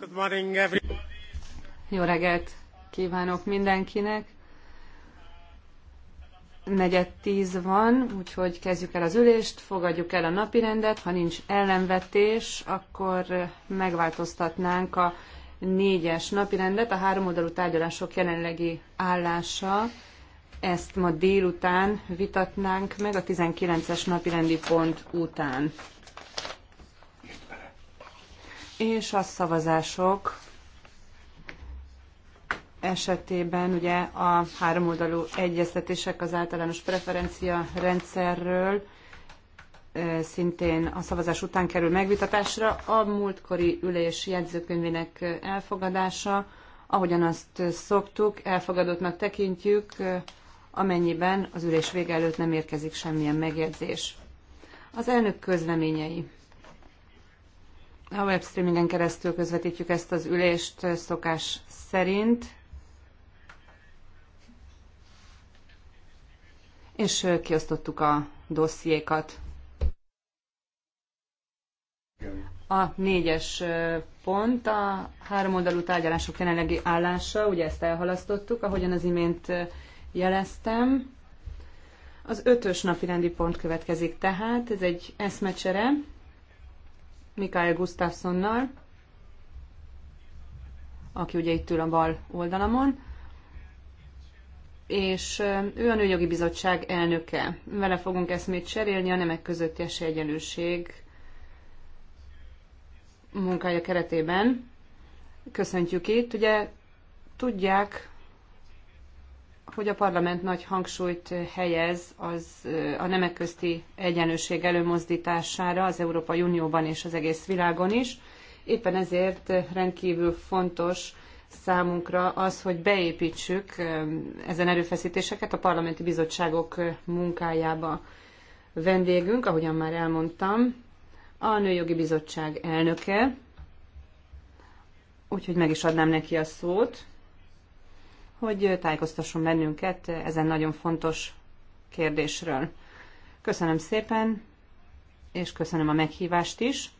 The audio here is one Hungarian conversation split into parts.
Good morning Jó reggelt kívánok mindenkinek. Negyed tíz van, úgyhogy kezdjük el az ülést, fogadjuk el a napirendet. Ha nincs ellenvetés, akkor megváltoztatnánk a négyes napirendet, a oldalú tárgyalások jelenlegi állása. Ezt ma délután vitatnánk meg a 19-es napirendi pont után és a szavazások esetében ugye a háromoldalú egyeztetések az általános preferencia rendszerről szintén a szavazás után kerül megvitatásra. A múltkori ülés jegyzőkönyvének elfogadása, ahogyan azt szoktuk, elfogadottnak tekintjük, amennyiben az ülés vége előtt nem érkezik semmilyen megjegyzés. Az elnök közleményei. A webstreamingen keresztül közvetítjük ezt az ülést eh, szokás szerint. És eh, kiosztottuk a dossziékat. A négyes eh, pont a háromoldalú tárgyalások jelenlegi állása, ugye ezt elhalasztottuk, ahogyan az imént jeleztem. Az ötös napi rendi pont következik tehát, ez egy eszmecsere Mikael Gustafssonnal, aki ugye itt ül a bal oldalamon, és ő a Nőjogi Bizottság elnöke. Vele fogunk eszmét cserélni a nemek közötti esélyegyenlőség munkája keretében. Köszöntjük itt. Ugye tudják, hogy a parlament nagy hangsúlyt helyez az a nemek közti egyenlőség előmozdítására az Európai Unióban és az egész világon is. Éppen ezért rendkívül fontos számunkra az, hogy beépítsük ezen erőfeszítéseket a parlamenti bizottságok munkájába. Vendégünk, ahogyan már elmondtam, a Nőjogi Bizottság elnöke, úgyhogy meg is adnám neki a szót hogy tájékoztasson bennünket ezen nagyon fontos kérdésről. Köszönöm szépen, és köszönöm a meghívást is.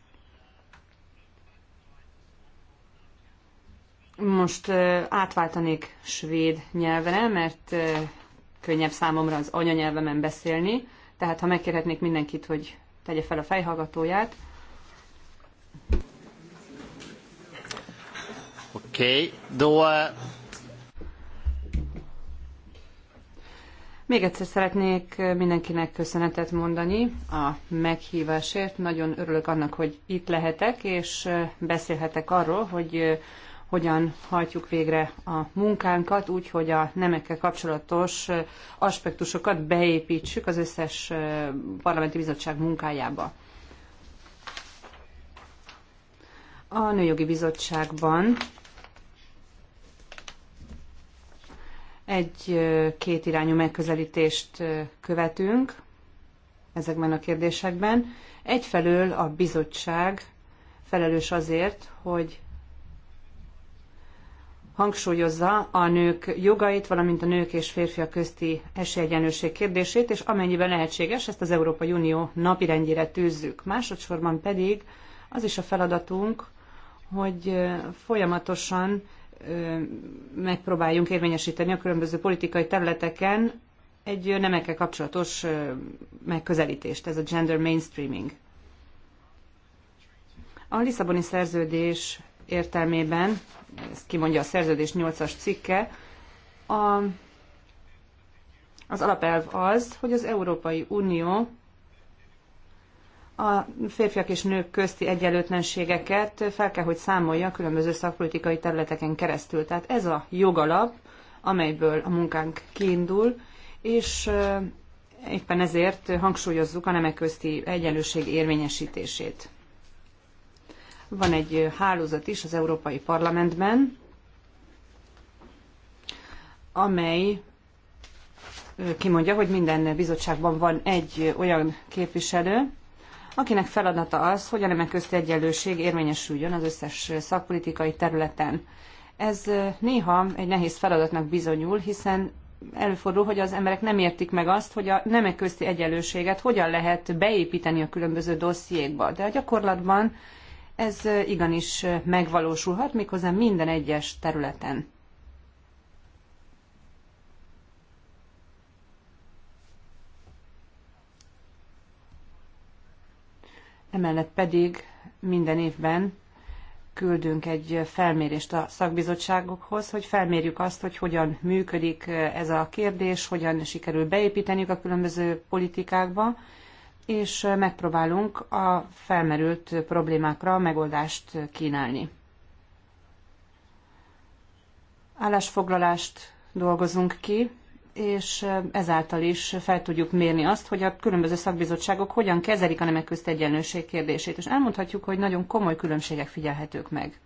Most átváltanék svéd nyelvre, mert könnyebb számomra az anyanyelvemen beszélni, tehát ha megkérhetnék mindenkit, hogy tegye fel a fejhallgatóját. Oké, okay, Még egyszer szeretnék mindenkinek köszönetet mondani a meghívásért. Nagyon örülök annak, hogy itt lehetek, és beszélhetek arról, hogy hogyan hajtjuk végre a munkánkat, úgy, hogy a nemekkel kapcsolatos aspektusokat beépítsük az összes parlamenti bizottság munkájába. A Nőjogi Bizottságban egy két irányú megközelítést követünk ezekben a kérdésekben. Egyfelől a bizottság felelős azért, hogy hangsúlyozza a nők jogait, valamint a nők és férfiak közti esélyegyenlőség kérdését, és amennyiben lehetséges, ezt az Európai Unió napirendjére tűzzük. Másodszorban pedig az is a feladatunk, hogy folyamatosan megpróbáljunk érvényesíteni a különböző politikai területeken egy nemekkel kapcsolatos megközelítést, ez a gender mainstreaming. A Lisszaboni szerződés értelmében, ezt kimondja a szerződés 8-as cikke, a, az alapelv az, hogy az Európai Unió a férfiak és nők közti egyenlőtlenségeket fel kell, hogy számolja a különböző szakpolitikai területeken keresztül. Tehát ez a jogalap, amelyből a munkánk kiindul, és éppen ezért hangsúlyozzuk a nemek közti egyenlőség érvényesítését. Van egy hálózat is az Európai Parlamentben, amely kimondja, hogy minden bizottságban van egy olyan képviselő, akinek feladata az, hogy a nemek közti egyenlőség érvényesüljön az összes szakpolitikai területen. Ez néha egy nehéz feladatnak bizonyul, hiszen előfordul, hogy az emberek nem értik meg azt, hogy a nemek közti egyenlőséget hogyan lehet beépíteni a különböző dossziékba. De a gyakorlatban ez igenis megvalósulhat, méghozzá minden egyes területen. Emellett pedig minden évben küldünk egy felmérést a szakbizottságokhoz, hogy felmérjük azt, hogy hogyan működik ez a kérdés, hogyan sikerül beépíteniük a különböző politikákba, és megpróbálunk a felmerült problémákra megoldást kínálni. Állásfoglalást dolgozunk ki, és ezáltal is fel tudjuk mérni azt, hogy a különböző szakbizottságok hogyan kezelik a nemek közt egyenlőség kérdését, és elmondhatjuk, hogy nagyon komoly különbségek figyelhetők meg.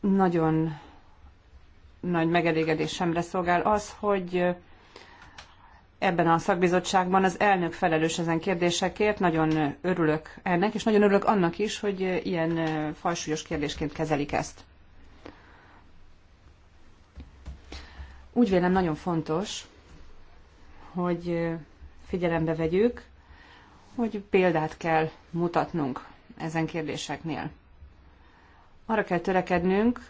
Nagyon nagy megelégedésemre szolgál az, hogy ebben a szakbizottságban az elnök felelős ezen kérdésekért. Nagyon örülök ennek, és nagyon örülök annak is, hogy ilyen fajsúlyos kérdésként kezelik ezt. Úgy vélem nagyon fontos, hogy figyelembe vegyük, hogy példát kell mutatnunk ezen kérdéseknél. Arra kell törekednünk,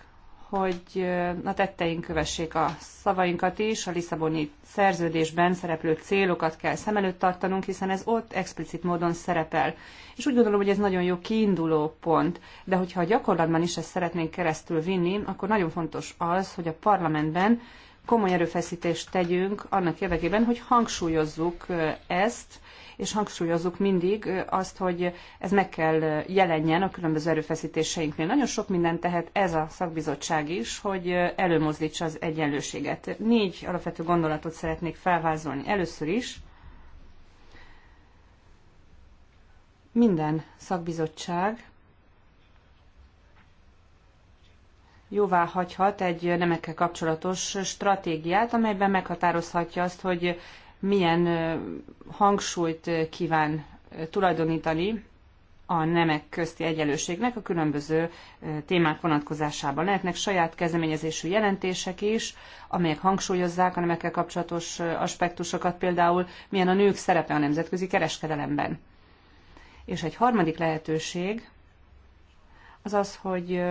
hogy a tetteink kövessék a szavainkat is, a Lisszaboni szerződésben szereplő célokat kell szem előtt tartanunk, hiszen ez ott explicit módon szerepel. És úgy gondolom, hogy ez nagyon jó kiinduló pont, de hogyha a gyakorlatban is ezt szeretnénk keresztül vinni, akkor nagyon fontos az, hogy a parlamentben komoly erőfeszítést tegyünk annak érdekében, hogy hangsúlyozzuk ezt, és hangsúlyozzuk mindig azt, hogy ez meg kell jelenjen a különböző erőfeszítéseinknél. Nagyon sok mindent tehet ez a szakbizottság is, hogy előmozdítsa az egyenlőséget. Négy alapvető gondolatot szeretnék felvázolni. Először is minden szakbizottság jóvá hagyhat egy nemekkel kapcsolatos stratégiát, amelyben meghatározhatja azt, hogy milyen hangsúlyt kíván tulajdonítani a nemek közti egyenlőségnek a különböző témák vonatkozásában. Lehetnek saját kezdeményezésű jelentések is, amelyek hangsúlyozzák a nemekkel kapcsolatos aspektusokat, például milyen a nők szerepe a nemzetközi kereskedelemben. És egy harmadik lehetőség az az, hogy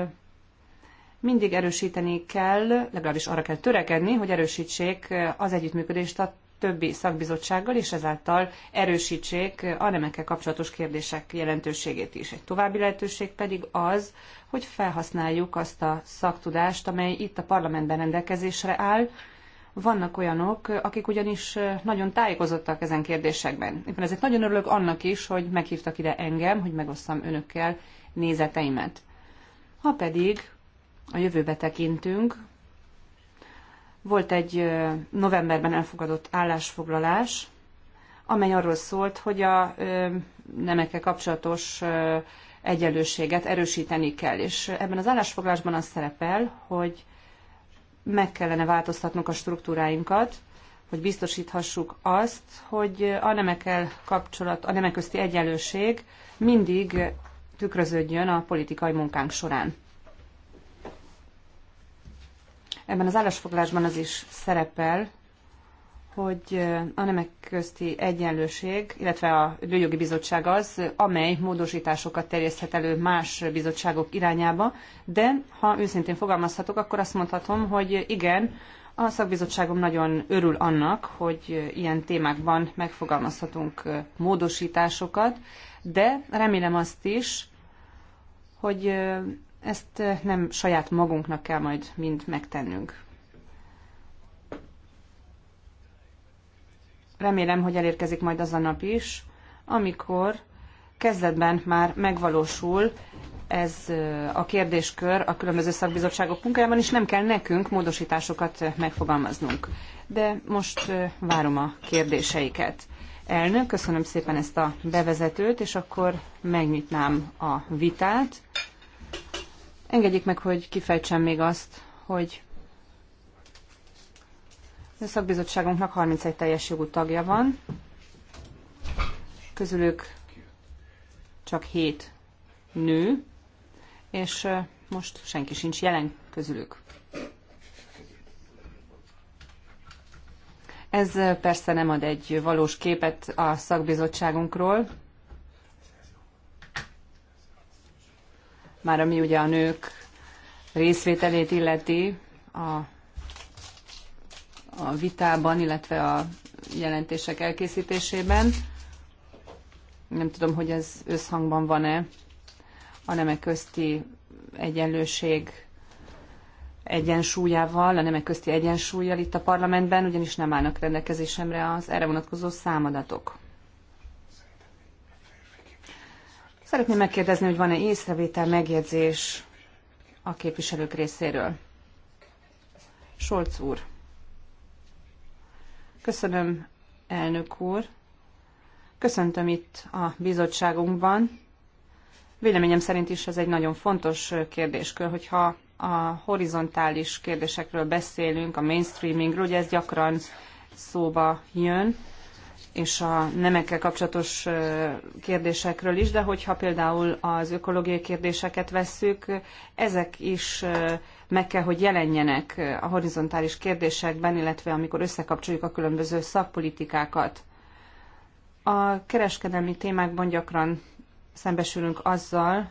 mindig erősíteni kell, legalábbis arra kell törekedni, hogy erősítsék az együttműködést a többi szakbizottsággal, és ezáltal erősítsék a nemekkel kapcsolatos kérdések jelentőségét is. Egy további lehetőség pedig az, hogy felhasználjuk azt a szaktudást, amely itt a parlamentben rendelkezésre áll. Vannak olyanok, akik ugyanis nagyon tájékozottak ezen kérdésekben. Éppen ezért nagyon örülök annak is, hogy meghívtak ide engem, hogy megosszam önökkel nézeteimet. Ha pedig a jövőbe tekintünk. Volt egy novemberben elfogadott állásfoglalás, amely arról szólt, hogy a nemekkel kapcsolatos egyenlőséget erősíteni kell. És ebben az állásfoglalásban az szerepel, hogy meg kellene változtatnunk a struktúráinkat, hogy biztosíthassuk azt, hogy a nemekkel kapcsolat, a nemek közti egyenlőség mindig tükröződjön a politikai munkánk során ebben az állásfoglásban az is szerepel, hogy a nemek közti egyenlőség, illetve a Nőjogi Bizottság az, amely módosításokat terjeszthet elő más bizottságok irányába, de ha őszintén fogalmazhatok, akkor azt mondhatom, hogy igen, a szakbizottságom nagyon örül annak, hogy ilyen témákban megfogalmazhatunk módosításokat, de remélem azt is, hogy ezt nem saját magunknak kell majd mind megtennünk. Remélem, hogy elérkezik majd az a nap is, amikor kezdetben már megvalósul ez a kérdéskör a különböző szakbizottságok munkájában, és nem kell nekünk módosításokat megfogalmaznunk. De most várom a kérdéseiket. Elnök, köszönöm szépen ezt a bevezetőt, és akkor megnyitnám a vitát. Engedjék meg, hogy kifejtsem még azt, hogy a szakbizottságunknak 31 teljes jogú tagja van, közülük csak 7 nő, és most senki sincs jelen közülük. Ez persze nem ad egy valós képet a szakbizottságunkról, már ami ugye a nők részvételét illeti a, a vitában, illetve a jelentések elkészítésében. Nem tudom, hogy ez összhangban van-e a nemek közti egyenlőség egyensúlyával, a nemek közti egyensúlyjal itt a parlamentben, ugyanis nem állnak rendelkezésemre az erre vonatkozó számadatok. Szeretném megkérdezni, hogy van-e észrevétel, megjegyzés a képviselők részéről. Solc úr. Köszönöm, elnök úr. Köszöntöm itt a bizottságunkban. Véleményem szerint is ez egy nagyon fontos kérdéskör, hogyha a horizontális kérdésekről beszélünk, a mainstreamingről, ugye ez gyakran szóba jön és a nemekkel kapcsolatos kérdésekről is, de hogyha például az ökológiai kérdéseket vesszük, ezek is meg kell, hogy jelenjenek a horizontális kérdésekben, illetve amikor összekapcsoljuk a különböző szakpolitikákat. A kereskedelmi témákban gyakran szembesülünk azzal,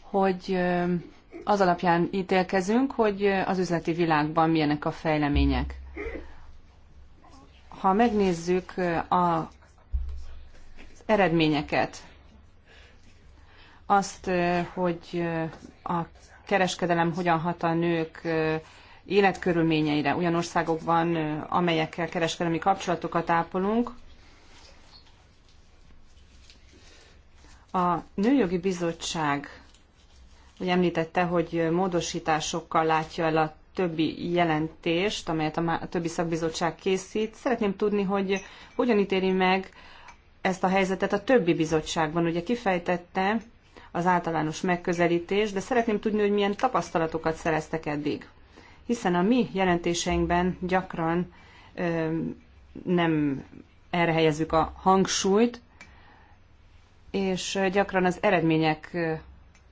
hogy az alapján ítélkezünk, hogy az üzleti világban milyenek a fejlemények. Ha megnézzük a eredményeket, azt, hogy a kereskedelem hogyan hat a nők életkörülményeire olyan országokban, amelyekkel kereskedelmi kapcsolatokat ápolunk. A Nőjogi Bizottság hogy említette, hogy módosításokkal látja el a többi jelentést, amelyet a többi szakbizottság készít. Szeretném tudni, hogy hogyan ítéli meg ezt a helyzetet a többi bizottságban. Ugye kifejtette az általános megközelítés, de szeretném tudni, hogy milyen tapasztalatokat szereztek eddig. Hiszen a mi jelentéseinkben gyakran ö, nem erre helyezzük a hangsúlyt, és gyakran az eredmények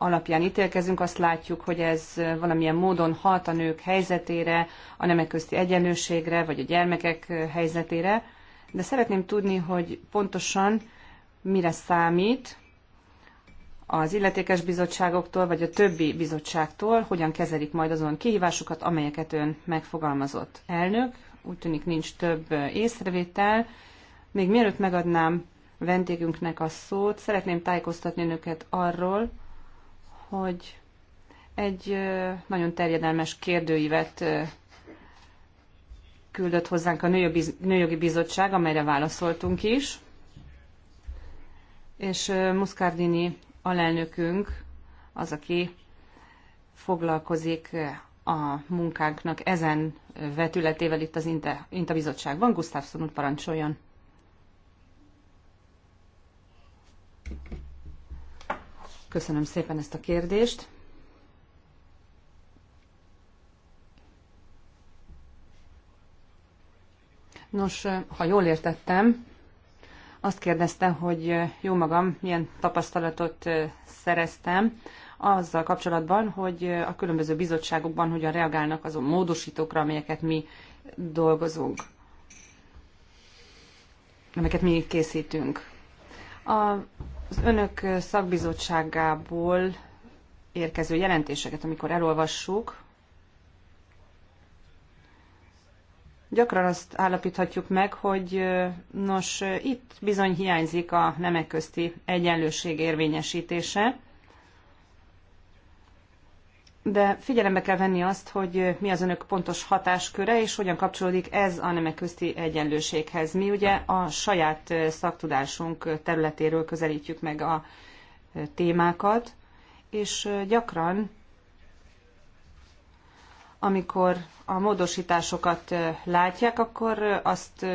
alapján ítélkezünk, azt látjuk, hogy ez valamilyen módon hat a nők helyzetére, a nemek közti egyenlőségre, vagy a gyermekek helyzetére, de szeretném tudni, hogy pontosan mire számít az illetékes bizottságoktól, vagy a többi bizottságtól, hogyan kezelik majd azon kihívásokat, amelyeket ön megfogalmazott. Elnök, úgy tűnik nincs több észrevétel. Még mielőtt megadnám vendégünknek a szót, szeretném tájékoztatni önöket arról, hogy egy nagyon terjedelmes kérdőívet küldött hozzánk a Nőjogi Bizottság, amelyre válaszoltunk is, és Muscardini alelnökünk az, aki foglalkozik a munkánknak ezen vetületével itt az Inta Bizottságban. Gustafsson úr parancsoljon. Köszönöm szépen ezt a kérdést. Nos, ha jól értettem, azt kérdezte, hogy jó magam, milyen tapasztalatot szereztem azzal kapcsolatban, hogy a különböző bizottságokban hogyan reagálnak azon módosítókra, amelyeket mi dolgozunk, amelyeket mi készítünk. A az önök szakbizottságából érkező jelentéseket, amikor elolvassuk, gyakran azt állapíthatjuk meg, hogy nos, itt bizony hiányzik a nemek közti egyenlőség érvényesítése, de figyelembe kell venni azt, hogy mi az önök pontos hatásköre, és hogyan kapcsolódik ez a nemek közti egyenlőséghez. Mi ugye a saját szaktudásunk területéről közelítjük meg a témákat, és gyakran, amikor a módosításokat látják, akkor azt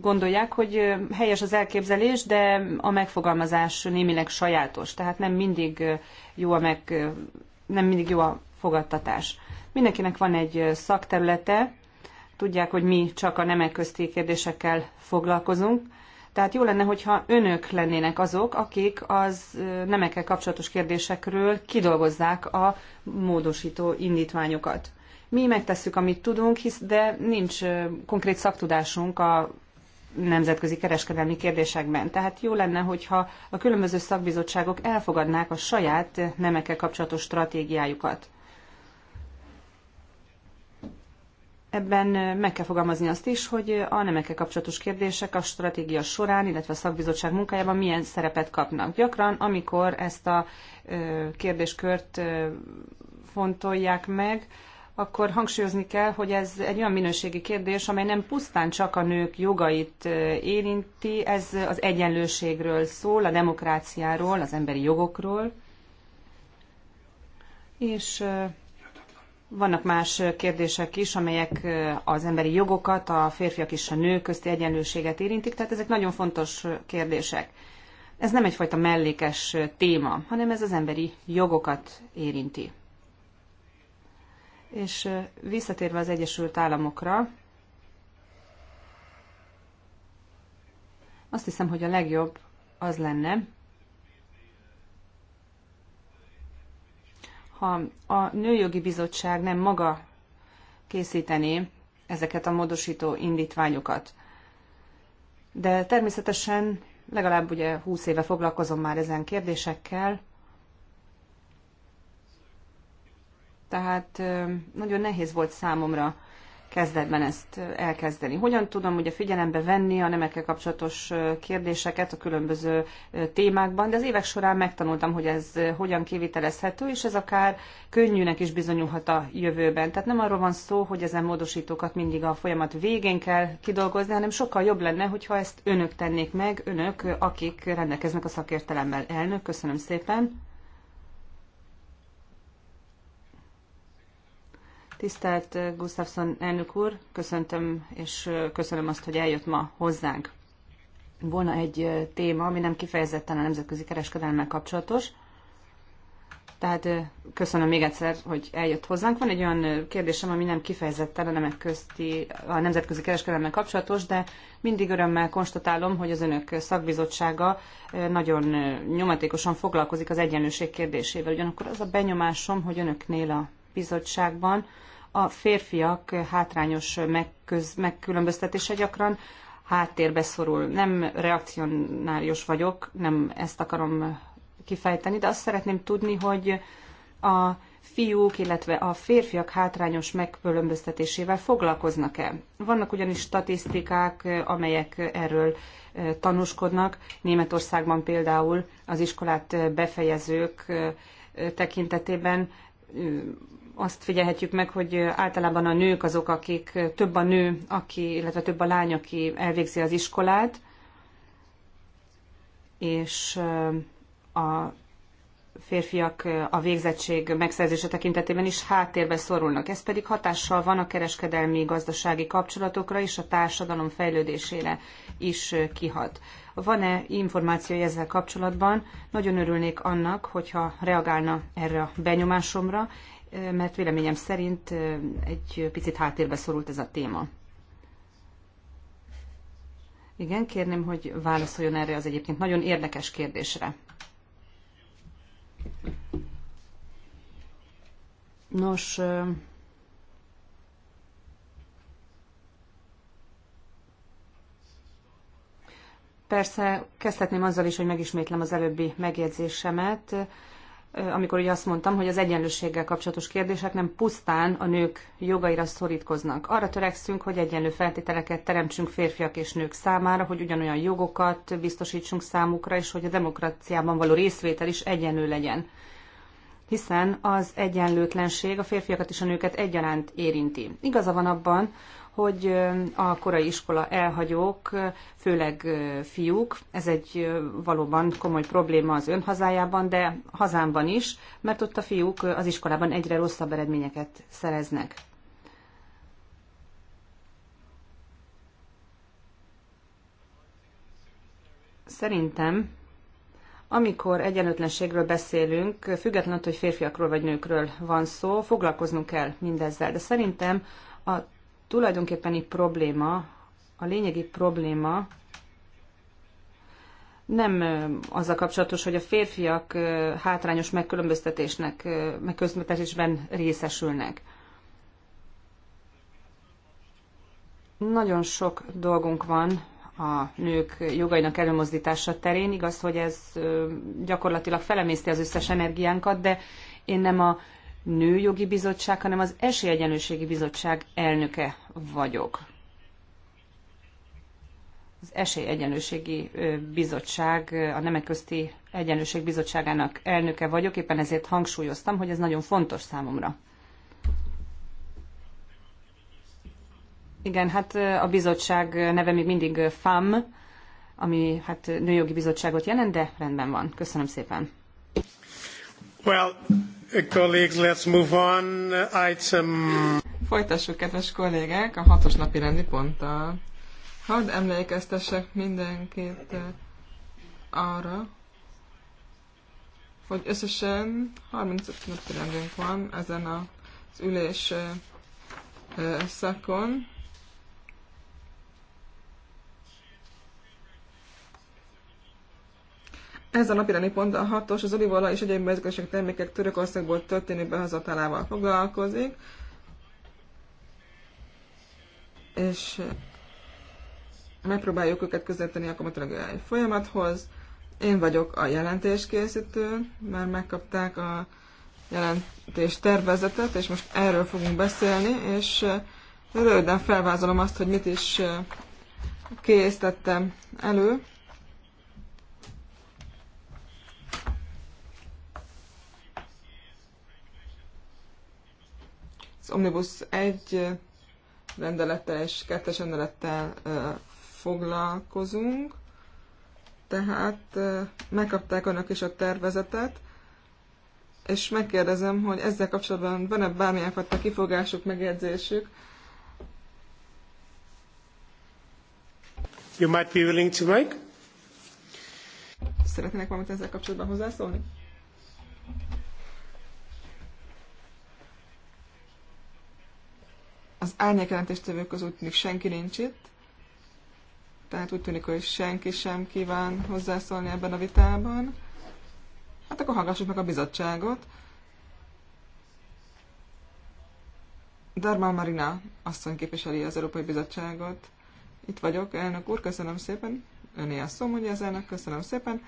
gondolják, hogy helyes az elképzelés, de a megfogalmazás némileg sajátos, tehát nem mindig jó a meg nem mindig jó a fogadtatás. Mindenkinek van egy szakterülete, tudják, hogy mi csak a nemek közti kérdésekkel foglalkozunk, tehát jó lenne, hogyha önök lennének azok, akik az nemekkel kapcsolatos kérdésekről kidolgozzák a módosító indítványokat. Mi megtesszük, amit tudunk, hisz, de nincs konkrét szaktudásunk a nemzetközi kereskedelmi kérdésekben. Tehát jó lenne, hogyha a különböző szakbizottságok elfogadnák a saját nemekkel kapcsolatos stratégiájukat. Ebben meg kell fogalmazni azt is, hogy a nemekkel kapcsolatos kérdések a stratégia során, illetve a szakbizottság munkájában milyen szerepet kapnak. Gyakran, amikor ezt a kérdéskört fontolják meg, akkor hangsúlyozni kell, hogy ez egy olyan minőségi kérdés, amely nem pusztán csak a nők jogait érinti, ez az egyenlőségről szól, a demokráciáról, az emberi jogokról. És vannak más kérdések is, amelyek az emberi jogokat, a férfiak és a nők közti egyenlőséget érintik, tehát ezek nagyon fontos kérdések. Ez nem egyfajta mellékes téma, hanem ez az emberi jogokat érinti. És visszatérve az Egyesült Államokra, azt hiszem, hogy a legjobb az lenne, ha a Nőjogi Bizottság nem maga készítené ezeket a módosító indítványokat. De természetesen legalább ugye 20 éve foglalkozom már ezen kérdésekkel, Tehát nagyon nehéz volt számomra kezdetben ezt elkezdeni. Hogyan tudom ugye figyelembe venni a nemekkel kapcsolatos kérdéseket a különböző témákban, de az évek során megtanultam, hogy ez hogyan kivitelezhető, és ez akár könnyűnek is bizonyulhat a jövőben. Tehát nem arról van szó, hogy ezen módosítókat mindig a folyamat végén kell kidolgozni, hanem sokkal jobb lenne, hogyha ezt önök tennék meg, önök, akik rendelkeznek a szakértelemmel. Elnök, köszönöm szépen. Tisztelt eh, Gustafsson elnök úr, köszöntöm és eh, köszönöm azt, hogy eljött ma hozzánk. Volna egy eh, téma, ami nem kifejezetten a nemzetközi kereskedelemmel kapcsolatos, tehát köszönöm még egyszer, hogy eljött hozzánk. Van egy olyan kérdésem, ami nem kifejezetten a nemek közti, a nemzetközi kereskedelemmel kapcsolatos, de mindig örömmel konstatálom, hogy az önök szakbizottsága nagyon nyomatékosan foglalkozik az egyenlőség kérdésével. Ugyanakkor az a benyomásom, hogy önöknél a bizottságban a férfiak hátrányos megköz, megkülönböztetése gyakran háttérbe szorul. Nem reakcionárius vagyok, nem ezt akarom kifejteni, de azt szeretném tudni, hogy a fiúk, illetve a férfiak hátrányos megkülönböztetésével foglalkoznak-e? Vannak ugyanis statisztikák, amelyek erről tanúskodnak. Németországban például az iskolát befejezők tekintetében azt figyelhetjük meg, hogy általában a nők azok, akik több a nő, aki, illetve több a lány, aki elvégzi az iskolát, és a férfiak a végzettség megszerzése tekintetében is háttérbe szorulnak. Ez pedig hatással van a kereskedelmi gazdasági kapcsolatokra és a társadalom fejlődésére is kihat. Van-e információ ezzel kapcsolatban? Nagyon örülnék annak, hogyha reagálna erre a benyomásomra, mert véleményem szerint egy picit háttérbe szorult ez a téma. Igen, kérném, hogy válaszoljon erre az egyébként nagyon érdekes kérdésre. Nos, persze kezdhetném azzal is, hogy megismétlem az előbbi megjegyzésemet amikor ugye azt mondtam, hogy az egyenlőséggel kapcsolatos kérdések nem pusztán a nők jogaira szorítkoznak. Arra törekszünk, hogy egyenlő feltételeket teremtsünk férfiak és nők számára, hogy ugyanolyan jogokat biztosítsunk számukra, és hogy a demokráciában való részvétel is egyenlő legyen. Hiszen az egyenlőtlenség a férfiakat és a nőket egyaránt érinti. Igaza van abban, hogy a korai iskola elhagyók, főleg fiúk, ez egy valóban komoly probléma az ön hazájában, de hazámban is, mert ott a fiúk az iskolában egyre rosszabb eredményeket szereznek. Szerintem amikor egyenlőtlenségről beszélünk, függetlenül, hogy férfiakról vagy nőkről van szó, foglalkoznunk kell mindezzel. De szerintem a tulajdonképpeni probléma, a lényegi probléma nem azzal kapcsolatos, hogy a férfiak hátrányos megkülönböztetésnek, megkülönböztetésben részesülnek. Nagyon sok dolgunk van a nők jogainak előmozdítása terén. Igaz, hogy ez gyakorlatilag felemészti az összes energiánkat, de én nem a nőjogi bizottság, hanem az esélyegyenlőségi bizottság elnöke vagyok. Az esélyegyenlőségi bizottság, a nemek közti egyenlőség bizottságának elnöke vagyok, éppen ezért hangsúlyoztam, hogy ez nagyon fontos számomra. Igen, hát a bizottság neve még mindig FAM, ami hát nőjogi bizottságot jelent, de rendben van. Köszönöm szépen. Well, Colleagues, let's move on. Item... Folytassuk, kedves kollégák, a hatos napi rendi ponttal. Hadd emlékeztessek mindenkit arra, hogy összesen 35 napi rendünk van ezen az ülés szakon. Ez a napirendi pont a hatos, az olívaolaj és egyéb mezőgazdaság termékek Törökországból történő behozatalával foglalkozik. És eh, megpróbáljuk őket közelíteni a komatologiai folyamathoz. Én vagyok a jelentéskészítő, már megkapták a jelentés tervezetet, és most erről fogunk beszélni, és eh, röviden felvázolom azt, hogy mit is eh, készítettem elő. az Omnibus egy rendelettel és kettes rendelettel foglalkozunk. Tehát megkapták önök is a tervezetet, és megkérdezem, hogy ezzel kapcsolatban van-e bármilyen fajta kifogásuk, megjegyzésük? You might be willing to make? Szeretnének valamit ezzel kapcsolatban hozzászólni? Az árnyékjelentéstevők között úgy senki nincs itt, tehát úgy tűnik, hogy senki sem kíván hozzászólni ebben a vitában. Hát akkor hallgassuk meg a bizottságot. Darma Marina asszony képviseli az Európai Bizottságot. Itt vagyok, elnök úr, köszönöm szépen. Öné a szó, mondja az elnök, köszönöm szépen.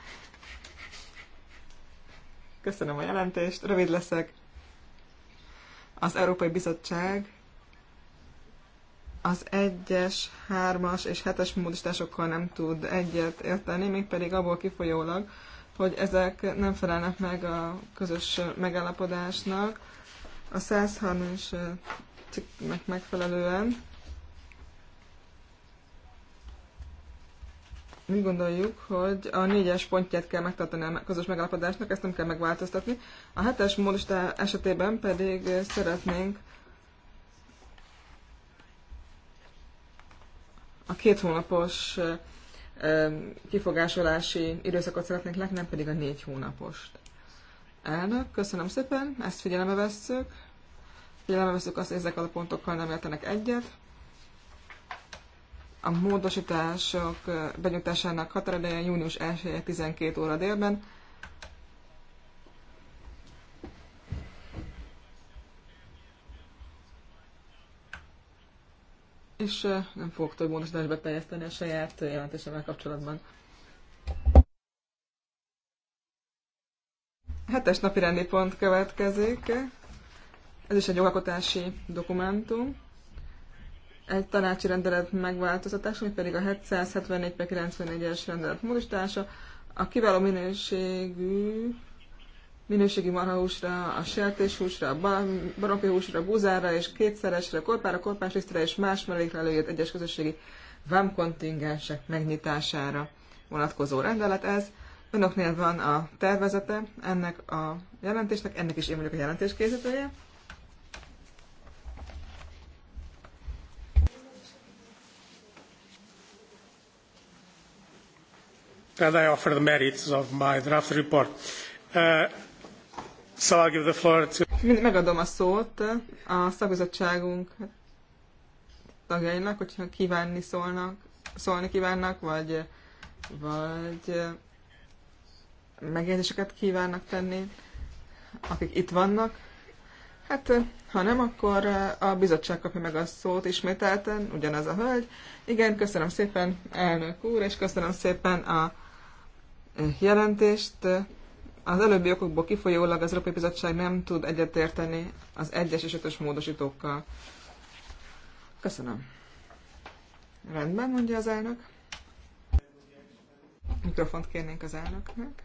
Köszönöm a jelentést, rövid leszek. Az Európai Bizottság az 1-es, 3-as és 7-es módosításokkal nem tud egyet érteni, mégpedig abból kifolyólag, hogy ezek nem felelnek meg a közös megállapodásnak. A 130 cikknek megfelelően mi gondoljuk, hogy a négyes pontját kell megtartani a közös megállapodásnak, ezt nem kell megváltoztatni. A hetes módosítás esetében pedig szeretnénk a két hónapos kifogásolási időszakot szeretnénk látni, nem pedig a négy hónapost. Elnök, köszönöm szépen, ezt figyelembe vesszük. Figyelembe vesszük azt, hogy ezekkel a pontokkal nem értenek egyet. A módosítások benyújtásának határideje június 1 12 óra délben. és nem fogok több módosítást beterjeszteni a saját jelentésemmel kapcsolatban. Hetes napi rendi pont következik. Ez is egy jogalkotási dokumentum. Egy tanácsi rendelet megváltoztatása, ami pedig a 774-94-es rendelet módosítása. A kiváló minőségű minőségi marhahúsra, a sertéshúsra, a a buzára és kétszeresre, korpára, korpáslisztre és más mellékre előírt egyes közösségi vámkontingensek megnyitására vonatkozó rendelet ez. Önöknél van a tervezete ennek a jelentésnek, ennek is én vagyok a jelentés készítője. And I offer the merits of my draft report. Uh, So I'll give the floor to... Megadom a szót a szakbizottságunk tagjainak, hogyha kívánni szólnak, szólni kívánnak, vagy, vagy megjegyzéseket kívánnak tenni, akik itt vannak. Hát, ha nem, akkor a bizottság kapja meg a szót ismételten, ugyanaz a hölgy. Igen, köszönöm szépen, elnök úr, és köszönöm szépen a jelentést. Az előbbi okokból kifolyólag az Európai Bizottság nem tud egyetérteni az egyes és ötös módosítókkal. Köszönöm. Rendben, mondja az elnök. Mikrofont kérnénk az elnöknek.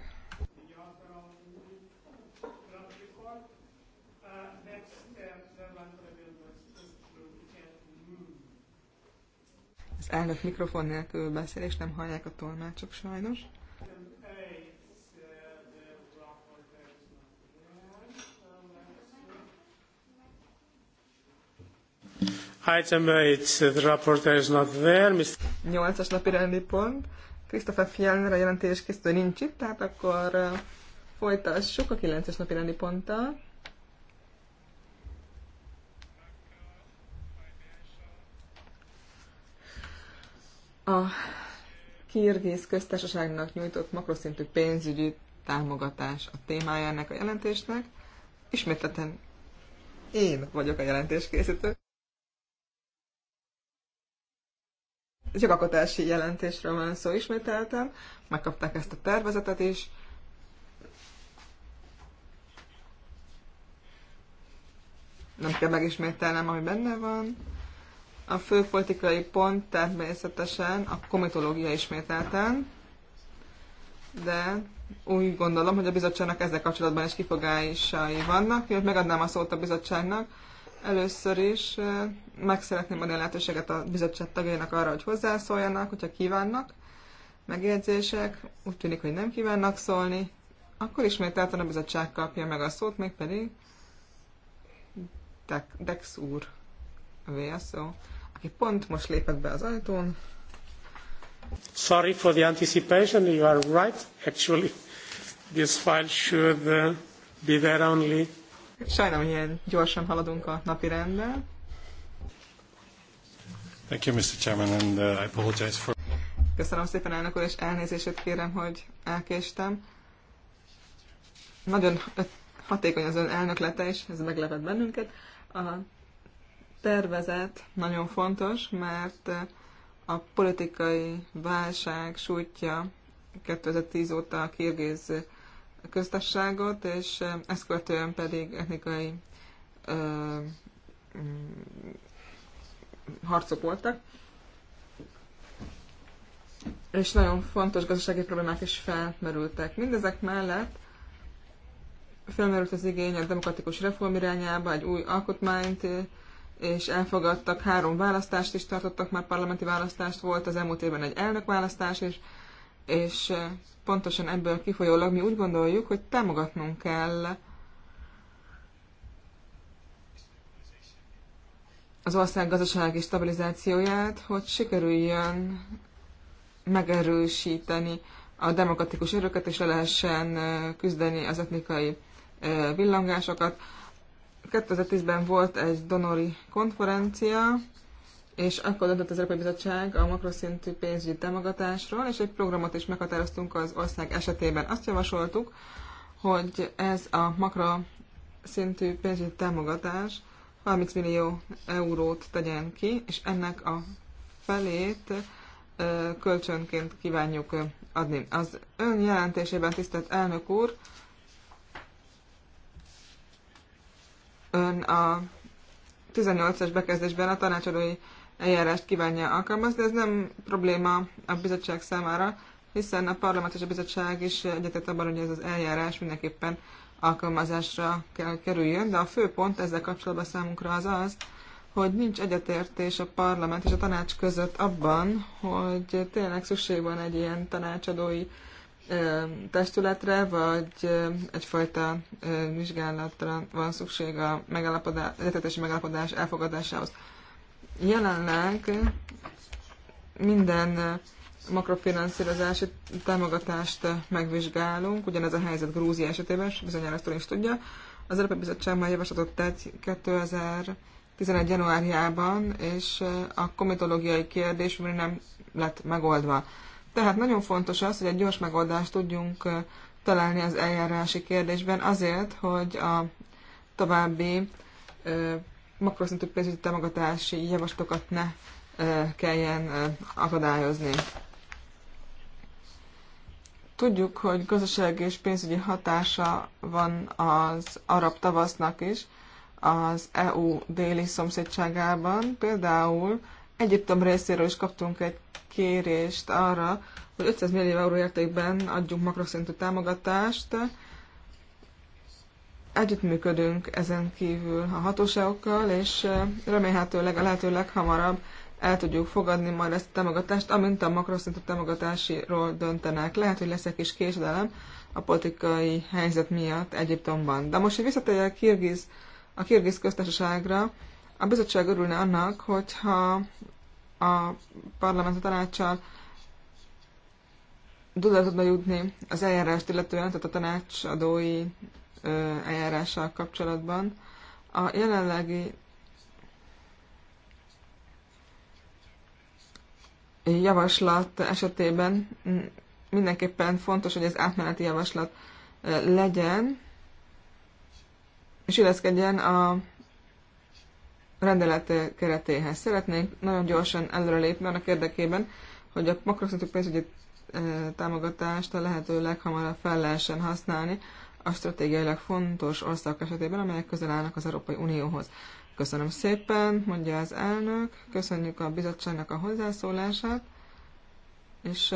Az elnök mikrofon nélkül beszél, és nem hallják a tolmácsok sajnos. Item 8, the rapporteur is not there. Mr. 8-as napi rendi pont. Christopher Fjellner a jelentés készítő nincs itt, tehát akkor folytassuk a 9-es napi rendi ponttal. A Kirgiz köztársaságnak nyújtott makroszintű pénzügyi támogatás a témája ennek a jelentésnek. Ismételten én vagyok a jelentéskészítő. jogakotási jelentésről van szó ismételten, megkapták ezt a tervezetet is. Nem kell megismételnem, ami benne van. A fő politikai pont természetesen a komitológia ismételten, de úgy gondolom, hogy a bizottságnak ezzel kapcsolatban is kifogásai vannak. hogy megadnám a szót a bizottságnak, Először is meg szeretném adni a lehetőséget a bizottság tagjainak arra, hogy hozzászóljanak, hogyha kívánnak. Megjegyzések, úgy tűnik, hogy nem kívánnak szólni. Akkor ismételten a bizottság kapja meg a szót, mégpedig Dex úr, a VSO, aki pont most lépett be az ajtón. Sorry for the anticipation, you are right, actually. This file should uh, be there only Sajnálom, hogy ilyen gyorsan haladunk a napi rendben. Thank you, Mr. Chairman, and uh, I apologize for... Köszönöm szépen, elnök úr, és elnézését kérem, hogy elkéstem. Nagyon hatékony az ön elnöklete, és ez meglepett bennünket. A tervezet nagyon fontos, mert a politikai válság sújtja 2010 óta a kirgéz köztársaságot, és ezt követően pedig etnikai ö, mm, harcok voltak. És nagyon fontos gazdasági problémák is felmerültek. Mindezek mellett felmerült az igény a demokratikus reform irányába, egy új alkotmányt, és elfogadtak három választást is, tartottak már parlamenti választást, volt az elmúlt évben egy elnökválasztás, és és eh, pontosan ebből kifolyólag mi úgy gondoljuk, hogy támogatnunk kell az ország gazdasági stabilizációját, hogy sikerüljön megerősíteni a demokratikus erőket, és le lehessen eh, küzdeni az etnikai eh, villangásokat. 2010-ben volt egy donori konferencia, és akkor döntött az Európai Bizottság a makroszintű pénzügyi támogatásról, és egy programot is meghatároztunk az ország esetében. Azt javasoltuk, hogy ez a makroszintű pénzügyi támogatás 30 millió eurót tegyen ki, és ennek a felét kölcsönként kívánjuk adni. Az ön jelentésében, tisztelt elnök úr, ön a 18-as bekezdésben a tanácsadói eljárást kívánja alkalmazni. Ez nem probléma a bizottság számára, hiszen a parlament és a bizottság is egyetett abban, hogy ez az eljárás mindenképpen alkalmazásra kell kerüljön, de a fő pont ezzel kapcsolatban számunkra az az, hogy nincs egyetértés a parlament és a tanács között abban, hogy tényleg szükség van egy ilyen tanácsadói testületre, vagy egyfajta vizsgálatra van szükség a megállapodás, egyetetési megállapodás elfogadásához. Jelenleg minden makrofinanszírozási támogatást megvizsgálunk, ugyanez a helyzet Grúzia esetében, és bizonyára ezt is tudja. Az Európai Bizottság már javaslatot tett 2011. januárjában, és a komitológiai kérdés még nem lett megoldva. Tehát nagyon fontos az, hogy egy gyors megoldást tudjunk találni az eljárási kérdésben azért, hogy a további makroszintű pénzügyi támogatási javaslatokat ne kelljen akadályozni. Tudjuk, hogy gazdasági és pénzügyi hatása van az arab tavasznak is az EU déli szomszédságában. Például Egyiptom részéről is kaptunk egy kérést arra, hogy 500 millió euró értékben adjunk makroszintű támogatást együttműködünk ezen kívül a hatóságokkal, és remélhetőleg a lehető leghamarabb el tudjuk fogadni majd ezt a támogatást, amint a makroszintű támogatásiról döntenek. Lehet, hogy lesz egy kis késedelem a politikai helyzet miatt Egyiptomban. De most, hogy visszatérjek Kirgiz, a Kirgiz köztársaságra, a bizottság örülne annak, hogyha a parlamenti tanácssal tudatodba jutni az eljárást illetően, tehát a tanácsadói eljárással kapcsolatban. A jelenlegi javaslat esetében mindenképpen fontos, hogy ez átmeneti javaslat legyen, és illeszkedjen a rendelet keretéhez. Szeretnénk nagyon gyorsan előrelépni annak érdekében, hogy a makroszintű pénzügyi támogatást a lehető leghamarabb fel lehessen használni a stratégiailag fontos országok esetében, amelyek közel állnak az Európai Unióhoz. Köszönöm szépen, mondja az elnök, köszönjük a bizottságnak a hozzászólását, és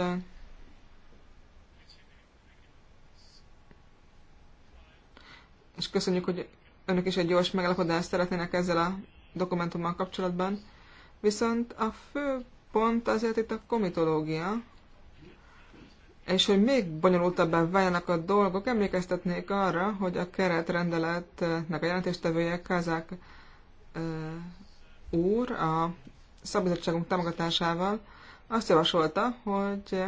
és köszönjük, hogy önök is egy gyors megállapodást szeretnének ezzel a dokumentummal kapcsolatban. Viszont a fő pont azért itt a komitológia, és hogy még bonyolultabbá váljanak a dolgok, emlékeztetnék arra, hogy a keretrendeletnek a jelentéstevője Kazák úr a szabadságunk támogatásával azt javasolta, hogy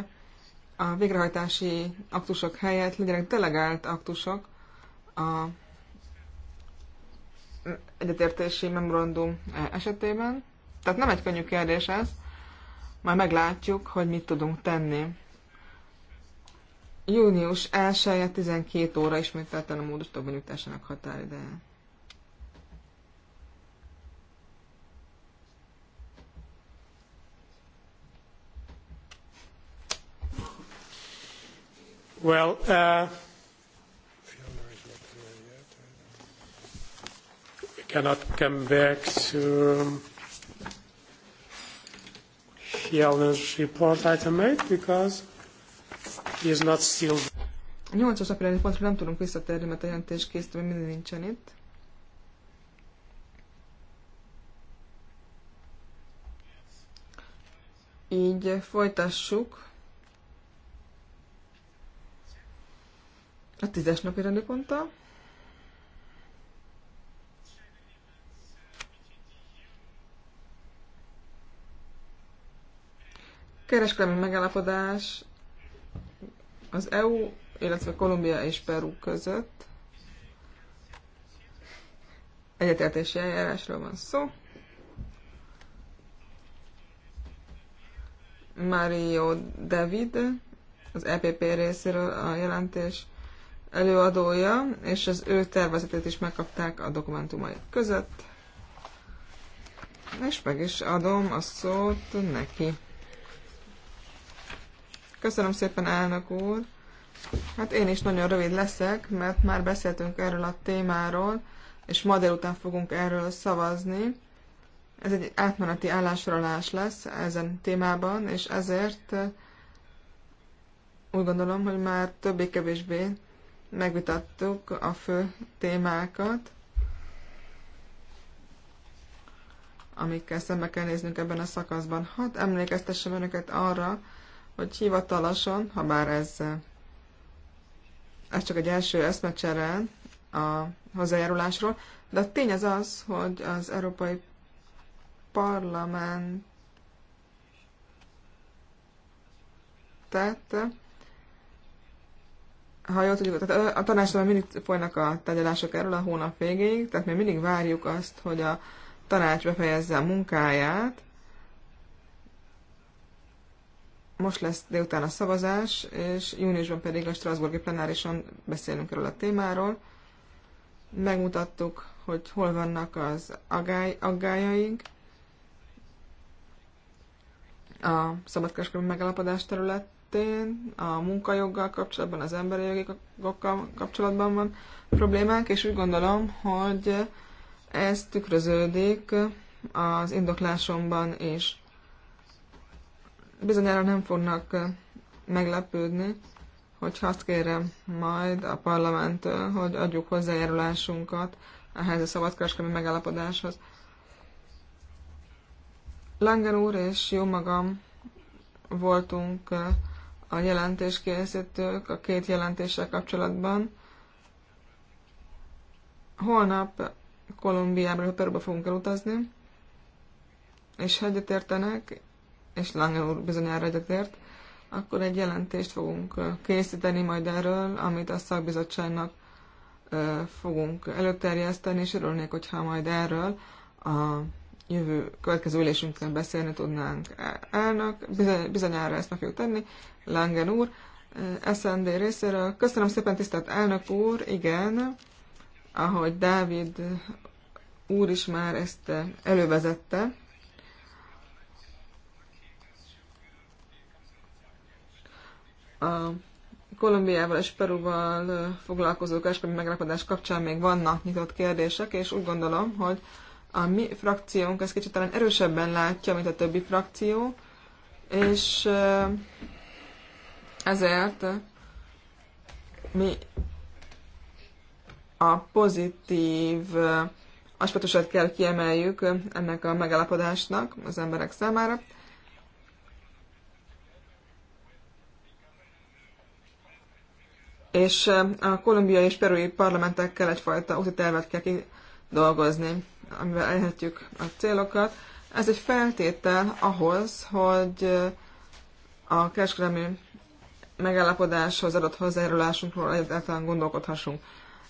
a végrehajtási aktusok helyett legyenek delegált aktusok a egyetértési memorandum esetében. Tehát nem egy könnyű kérdés ez, majd meglátjuk, hogy mit tudunk tenni. Június 1 12 óra ismételten a módosítóban benyújtásának határideje. Well, uh, we cannot come back to Fiona's report item 8 because is not still... A nyolcas napi pontra nem tudunk visszatérni, mert a jelentés készítő, minden nincsen itt. Így folytassuk. A tízes napi rendi ponttal. Kereskedelmi megállapodás az EU, illetve Kolumbia és Peru között egyetértési eljárásról van szó. Mario David, az EPP részéről a jelentés előadója, és az ő tervezetét is megkapták a dokumentumai között. És meg is adom a szót neki. Köszönöm szépen, elnök úr. Hát én is nagyon rövid leszek, mert már beszéltünk erről a témáról, és ma délután fogunk erről szavazni. Ez egy átmeneti állásolás lesz ezen témában, és ezért eh, úgy gondolom, hogy már többé-kevésbé megvitattuk a fő témákat, amikkel szembe kell néznünk ebben a szakaszban. hát emlékeztessem önöket arra, hogy hivatalosan, ha bár ez, ez csak egy első eszmecsere a hozzájárulásról, de a tény az az, hogy az Európai Parlament tette, ha jól tudjuk, tehát a tanácsban mindig folynak a tegyelások erről a hónap végéig, tehát mi mindig várjuk azt, hogy a tanács befejezze a munkáját, most lesz délután a szavazás, és júniusban pedig a Strasburgi plenárison beszélünk erről a témáról. Megmutattuk, hogy hol vannak az agály, aggájaink a szabadkereskedelmi megalapodás területén, a munkajoggal kapcsolatban, az emberi jogokkal kapcsolatban van problémák, és úgy gondolom, hogy ez tükröződik az indoklásomban is bizonyára nem fognak meglepődni, hogy azt kérem majd a parlamenttől, hogy adjuk hozzájárulásunkat ehhez a szabadkereskedelmi megállapodáshoz. Langen úr és jó magam voltunk a jelentéskészítők a két jelentéssel kapcsolatban. Holnap Kolumbiába, Peruba fogunk elutazni, és ha egyetértenek, és Lange úr bizonyára egyetért, akkor egy jelentést fogunk készíteni majd erről, amit a szakbizottságnak fogunk előterjeszteni, és örülnék, hogyha majd erről a jövő következő ülésünkön beszélni tudnánk e, elnök. Bizonyára ezt meg fogjuk tenni, Langen úr. SND részéről. Köszönöm szépen, tisztelt elnök úr, igen, ahogy Dávid úr is már ezt elővezette, a Kolumbiával és Peruval foglalkozó kereskedelmi megállapodás kapcsán még vannak nyitott kérdések, és úgy gondolom, hogy a mi frakciónk ezt kicsit talán erősebben látja, mint a többi frakció, és ezért mi a pozitív aspektusát kell kiemeljük ennek a megállapodásnak az emberek számára. és a kolumbiai és perui parlamentekkel egyfajta úti tervet kell kidolgozni, amivel elérhetjük a célokat. Ez egy feltétel ahhoz, hogy a kereskedelmi megállapodáshoz adott hozzájárulásunkról egyáltalán gondolkodhassunk.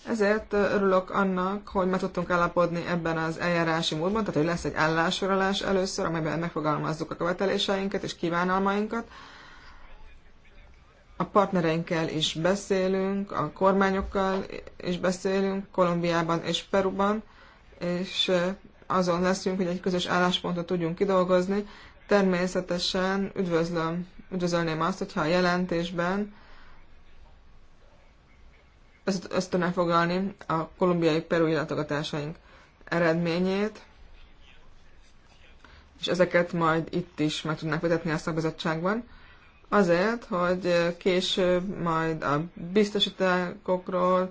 Ezért örülök annak, hogy meg tudtunk állapodni ebben az eljárási módban, tehát hogy lesz egy állásfoglalás először, amelyben megfogalmazzuk a követeléseinket és kívánalmainkat, a partnereinkkel is beszélünk, a kormányokkal is beszélünk, Kolumbiában és Peruban, és azon leszünk, hogy egy közös álláspontot tudjunk kidolgozni. Természetesen üdvözlöm, üdvözölném azt, hogyha a jelentésben ösztönnek ösztönel foglalni a kolumbiai perui látogatásaink eredményét, és ezeket majd itt is meg tudnánk vetetni a szakbizottságban. Azért, hogy később majd a biztosítékokról,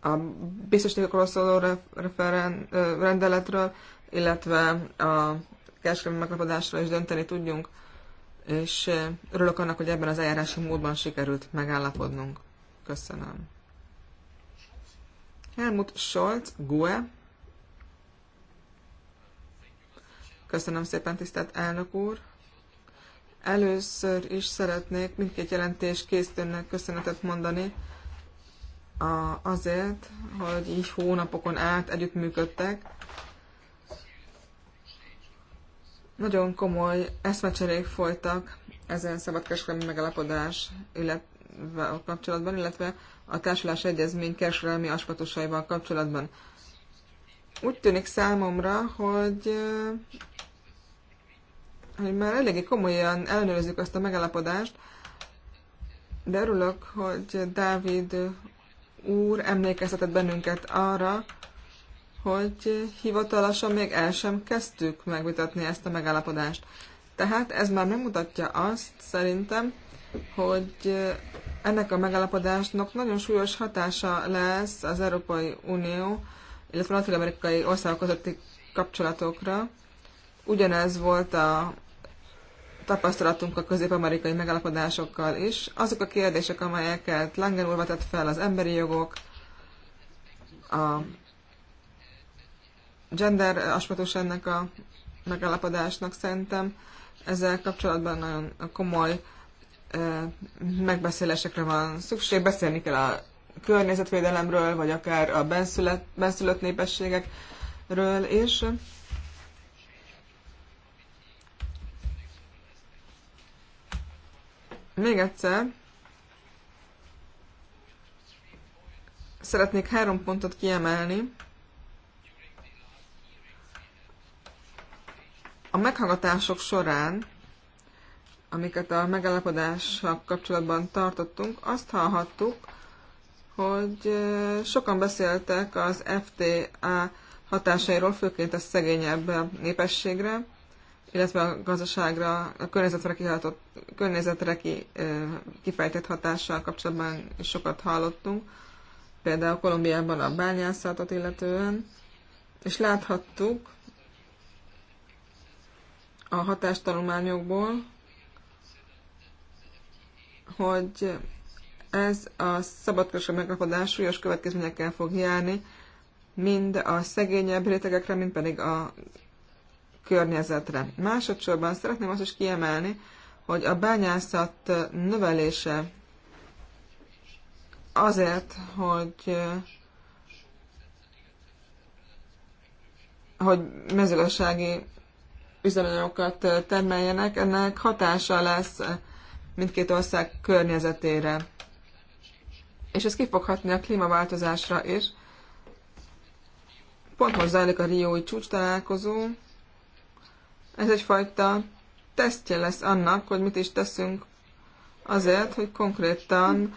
a biztosítékokról szóló referen, rendeletről, illetve a kereskedelmi megakadásról is dönteni tudjunk, és örülök annak, hogy ebben az eljárási módban sikerült megállapodnunk. Köszönöm. Helmut Scholz, GUE. Köszönöm szépen, tisztelt elnök úr. Először is szeretnék mindkét jelentés készítőnek köszönetet mondani a, azért, hogy így hónapokon át együttműködtek. Nagyon komoly eszmecserék folytak ezen szabadkereskedelmi megalapodás illetve kapcsolatban, illetve a társulás egyezmény kereskedelmi aspatusaival kapcsolatban. Úgy tűnik számomra, hogy hogy már eléggé komolyan ellenőrizzük azt a megállapodást, de örülök, hogy Dávid úr emlékeztetett bennünket arra, hogy hivatalosan még el sem kezdtük megvitatni ezt a megállapodást. Tehát ez már nem mutatja azt szerintem, hogy ennek a megállapodásnak nagyon súlyos hatása lesz az Európai Unió, illetve a latin-amerikai országok közötti kapcsolatokra. Ugyanez volt a tapasztalatunk a közép-amerikai megalapodásokkal is. Azok a kérdések, amelyeket Langen úr vetett fel, az emberi jogok, a gender aspektus ennek a megalapodásnak szerintem ezzel kapcsolatban nagyon komoly megbeszélésekre van szükség. Beszélni kell a környezetvédelemről, vagy akár a benszülött, benszülött népességekről, és Még egyszer. Szeretnék három pontot kiemelni. A meghallgatások során, amiket a megállapodással kapcsolatban tartottunk, azt hallhattuk, hogy sokan beszéltek az FTA hatásairól, főként a szegényebb népességre, illetve a gazdaságra, a környezetre, kihatott, környezetre ki, kifejtett hatással kapcsolatban is sokat hallottunk, például Kolumbiában a bányászatot illetően, és láthattuk a hatástanulmányokból, hogy ez a szabadkereskedelmi megállapodás súlyos következményekkel fog járni, mind a szegényebb rétegekre, mind pedig a környezetre. Másodszorban szeretném azt is kiemelni, hogy a bányászat növelése azért, hogy hogy mezőgazdasági üzemanyagokat termeljenek, ennek hatása lesz mindkét ország környezetére. És ez kifoghatni a klímaváltozásra is. Pont most zajlik a Riói csúcs találkozó, ez egyfajta tesztje lesz annak, hogy mit is teszünk azért, hogy konkrétan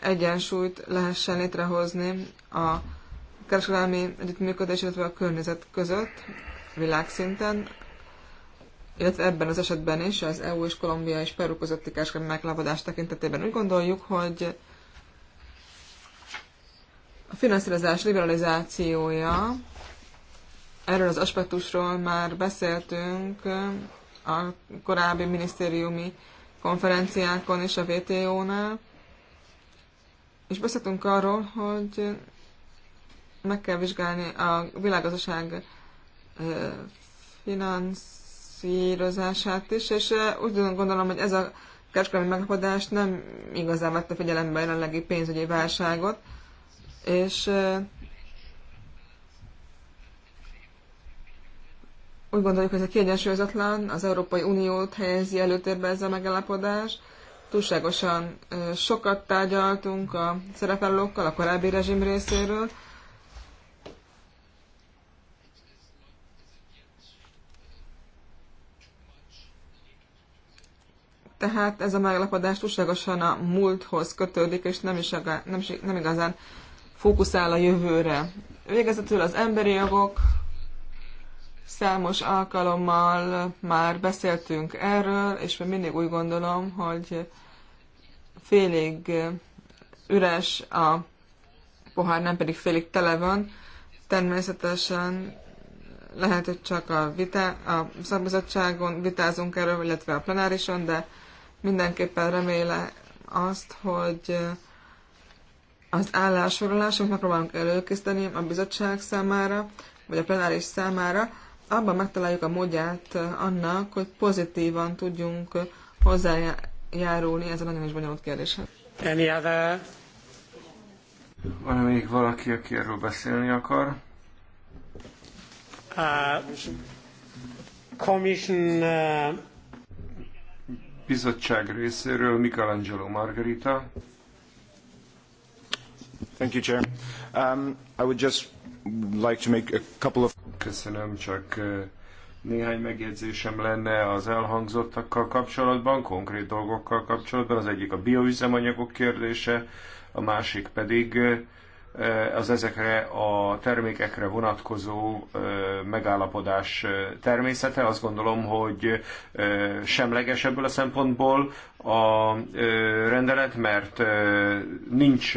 egyensúlyt lehessen létrehozni a kereskedelmi együttműködés, illetve a környezet között világszinten, illetve ebben az esetben is az EU és Kolumbia és Peru közötti kereskedelmi meglábadás tekintetében úgy gondoljuk, hogy a finanszírozás liberalizációja Erről az aspektusról már beszéltünk a korábbi minisztériumi konferenciákon és a vto nál és beszéltünk arról, hogy meg kell vizsgálni a világgazdaság finanszírozását is, és úgy gondolom, hogy ez a kereskedelmi megállapodás nem igazán vette figyelembe a jelenlegi pénzügyi válságot, és úgy gondoljuk, hogy ez a kiegyensúlyozatlan, az Európai Uniót helyezi előtérbe ez a megállapodás. Túlságosan sokat tárgyaltunk a szerepelőkkel a korábbi rezsim részéről. Tehát ez a megállapodás túlságosan a múlthoz kötődik, és nem, is, nem, is, nem igazán fókuszál a jövőre. Végezetül az emberi jogok, Számos alkalommal már beszéltünk erről, és még mindig úgy gondolom, hogy félig üres a pohár, nem pedig félig tele van. Természetesen lehet, hogy csak a, vita, a szakbizottságon vitázunk erről, illetve a plenárison, de mindenképpen remélem azt, hogy az állásfoglalásunk megpróbálunk előkészíteni a bizottság számára, vagy a plenáris számára, abban megtaláljuk a módját eh, annak, hogy pozitívan tudjunk hozzájárulni ez a nagyon is bonyolult kérdéshez. Any other? Van még valaki, aki erről beszélni akar? Uh, commission uh... Bizottság részéről Michelangelo Margarita. Thank you, Chair. Um, I would just like to make a couple of Köszönöm, csak néhány megjegyzésem lenne az elhangzottakkal kapcsolatban, konkrét dolgokkal kapcsolatban. Az egyik a bioüzemanyagok kérdése, a másik pedig az ezekre a termékekre vonatkozó megállapodás természete. Azt gondolom, hogy semleges ebből a szempontból a rendelet, mert nincs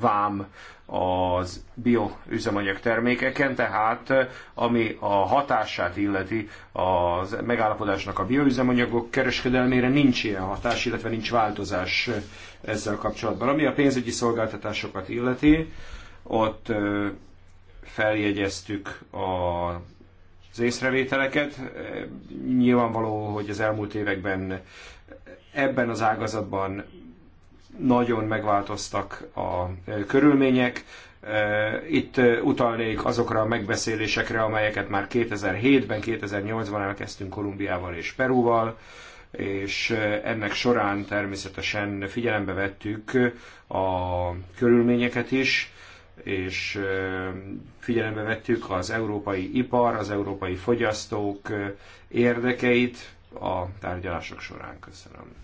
vám az bioüzemanyag termékeken, tehát ami a hatását illeti az megállapodásnak a bioüzemanyagok kereskedelmére nincs ilyen hatás, illetve nincs változás ezzel kapcsolatban. Ami a pénzügyi szolgáltatásokat illeti, ott feljegyeztük a az észrevételeket. Nyilvánvaló, hogy az elmúlt években ebben az ágazatban nagyon megváltoztak a e, körülmények. E, itt e, utalnék azokra a megbeszélésekre, amelyeket már 2007-ben, 2008-ban elkezdtünk Kolumbiával és Perúval, és ennek során természetesen figyelembe vettük a körülményeket is, és figyelembe vettük az európai ipar, az európai fogyasztók érdekeit a tárgyalások során. Köszönöm.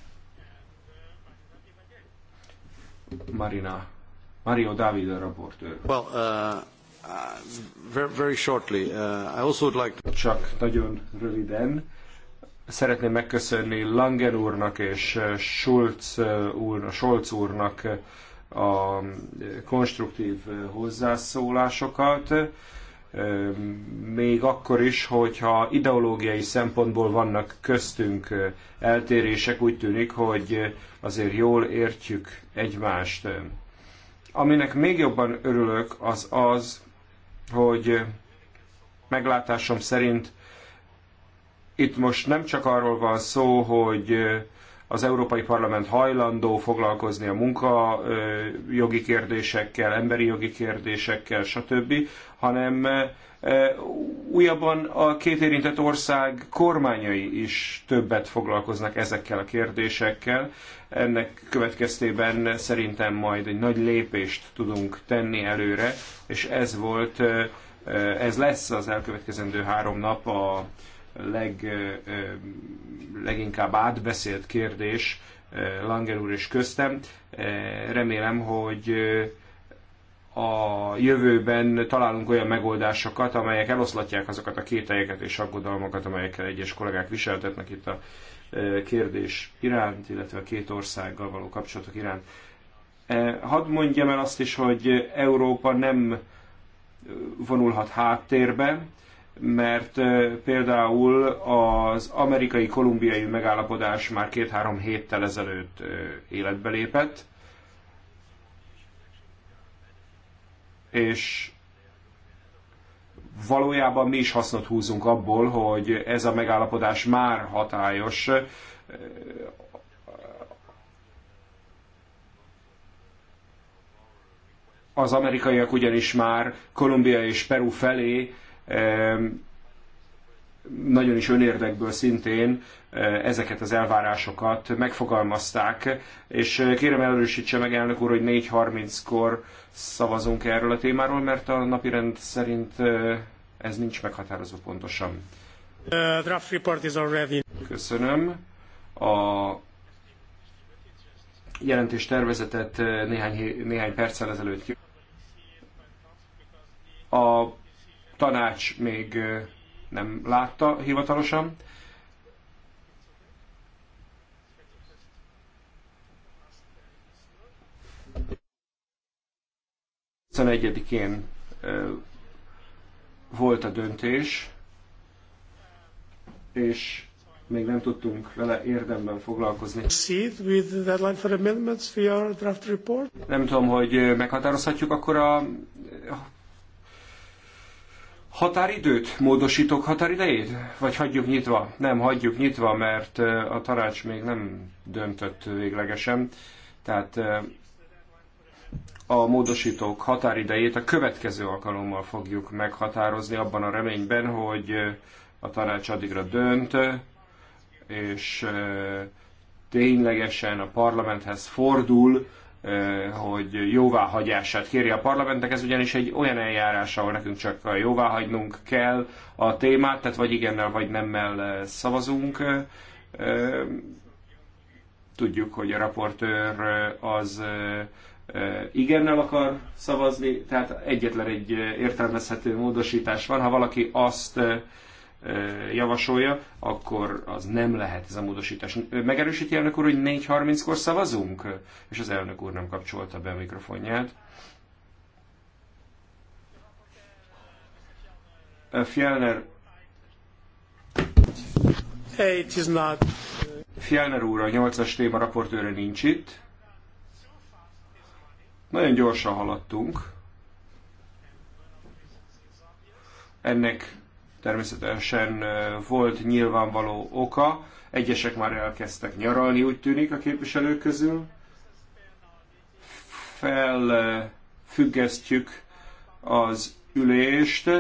Marina, Mario David a raportőr. Well, uh, uh, very, very shortly, uh, I also would like to... Csak nagyon röviden. Szeretném megköszönni Langen úrnak és uh, Schulz, uh, úr, Scholz úrnak a konstruktív hozzászólásokat még akkor is, hogyha ideológiai szempontból vannak köztünk eltérések, úgy tűnik, hogy azért jól értjük egymást. Aminek még jobban örülök, az az, hogy meglátásom szerint itt most nem csak arról van szó, hogy az Európai Parlament hajlandó foglalkozni a munkajogi kérdésekkel, emberi jogi kérdésekkel, stb., hanem újabban a két érintett ország kormányai is többet foglalkoznak ezekkel a kérdésekkel. Ennek következtében szerintem majd egy nagy lépést tudunk tenni előre, és ez volt, ez lesz az elkövetkezendő három nap a leg, leginkább átbeszélt kérdés Langer úr és köztem. Remélem, hogy a jövőben találunk olyan megoldásokat, amelyek eloszlatják azokat a kételyeket és aggodalmakat, amelyekkel egyes kollégák viseltetnek itt a kérdés iránt, illetve a két országgal való kapcsolatok iránt. Hadd mondjam el azt is, hogy Európa nem vonulhat háttérbe, mert például az amerikai kolumbiai megállapodás már két-három héttel ezelőtt életbe lépett, és valójában mi is hasznot húzunk abból, hogy ez a megállapodás már hatályos. Az amerikaiak ugyanis már Kolumbia és Peru felé nagyon is önérdekből szintén eh, ezeket az elvárásokat megfogalmazták, és eh, kérem erősítse meg elnök úr, hogy 4.30-kor szavazunk erről a témáról, mert a napirend szerint eh, ez nincs meghatározva pontosan. The draft report is already. Köszönöm. A jelentés tervezetet néhány, néhány perccel ezelőtt a tanács még nem látta hivatalosan. én volt a döntés, és még nem tudtunk vele érdemben foglalkozni. Nem tudom, hogy meghatározhatjuk akkor a határidőt, módosítok határidejét? Vagy hagyjuk nyitva? Nem, hagyjuk nyitva, mert a tanács még nem döntött véglegesen. Tehát a módosítók határidejét a következő alkalommal fogjuk meghatározni, abban a reményben, hogy a tanács addigra dönt, és ténylegesen a parlamenthez fordul, Eh, hogy jóváhagyását kéri a parlamentnek, ez ugyanis egy olyan eljárás, ahol nekünk csak jóváhagynunk kell a témát, tehát vagy igennel, vagy nemmel eh, szavazunk. Eh, tudjuk, hogy a raportőr az igennel akar szavazni, tehát egyetlen egy értelmezhető módosítás van. Ha valaki azt javasolja, akkor az nem lehet ez a módosítás. Megerősíti elnök úr, hogy 4.30-kor szavazunk? És az elnök úr nem kapcsolta be a mikrofonját. Fjellner hey, it is not. Fjellner úr, a 8-as téma raportőre nincs itt. Nagyon gyorsan haladtunk. Ennek Természetesen volt nyilvánvaló oka, egyesek már elkezdtek nyaralni, úgy tűnik a képviselők közül. Felfüggesztjük az ülést,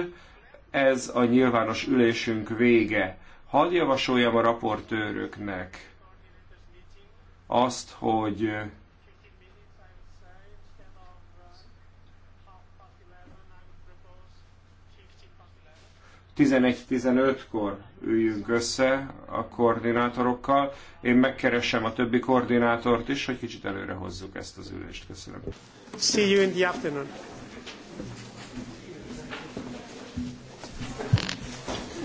ez a nyilvános ülésünk vége. Hadd javasoljam a raportőröknek azt, hogy 11-15-kor üljünk össze a koordinátorokkal. Én megkeresem a többi koordinátort is, hogy kicsit előre hozzuk ezt az ülést. Köszönöm. See you in the afternoon.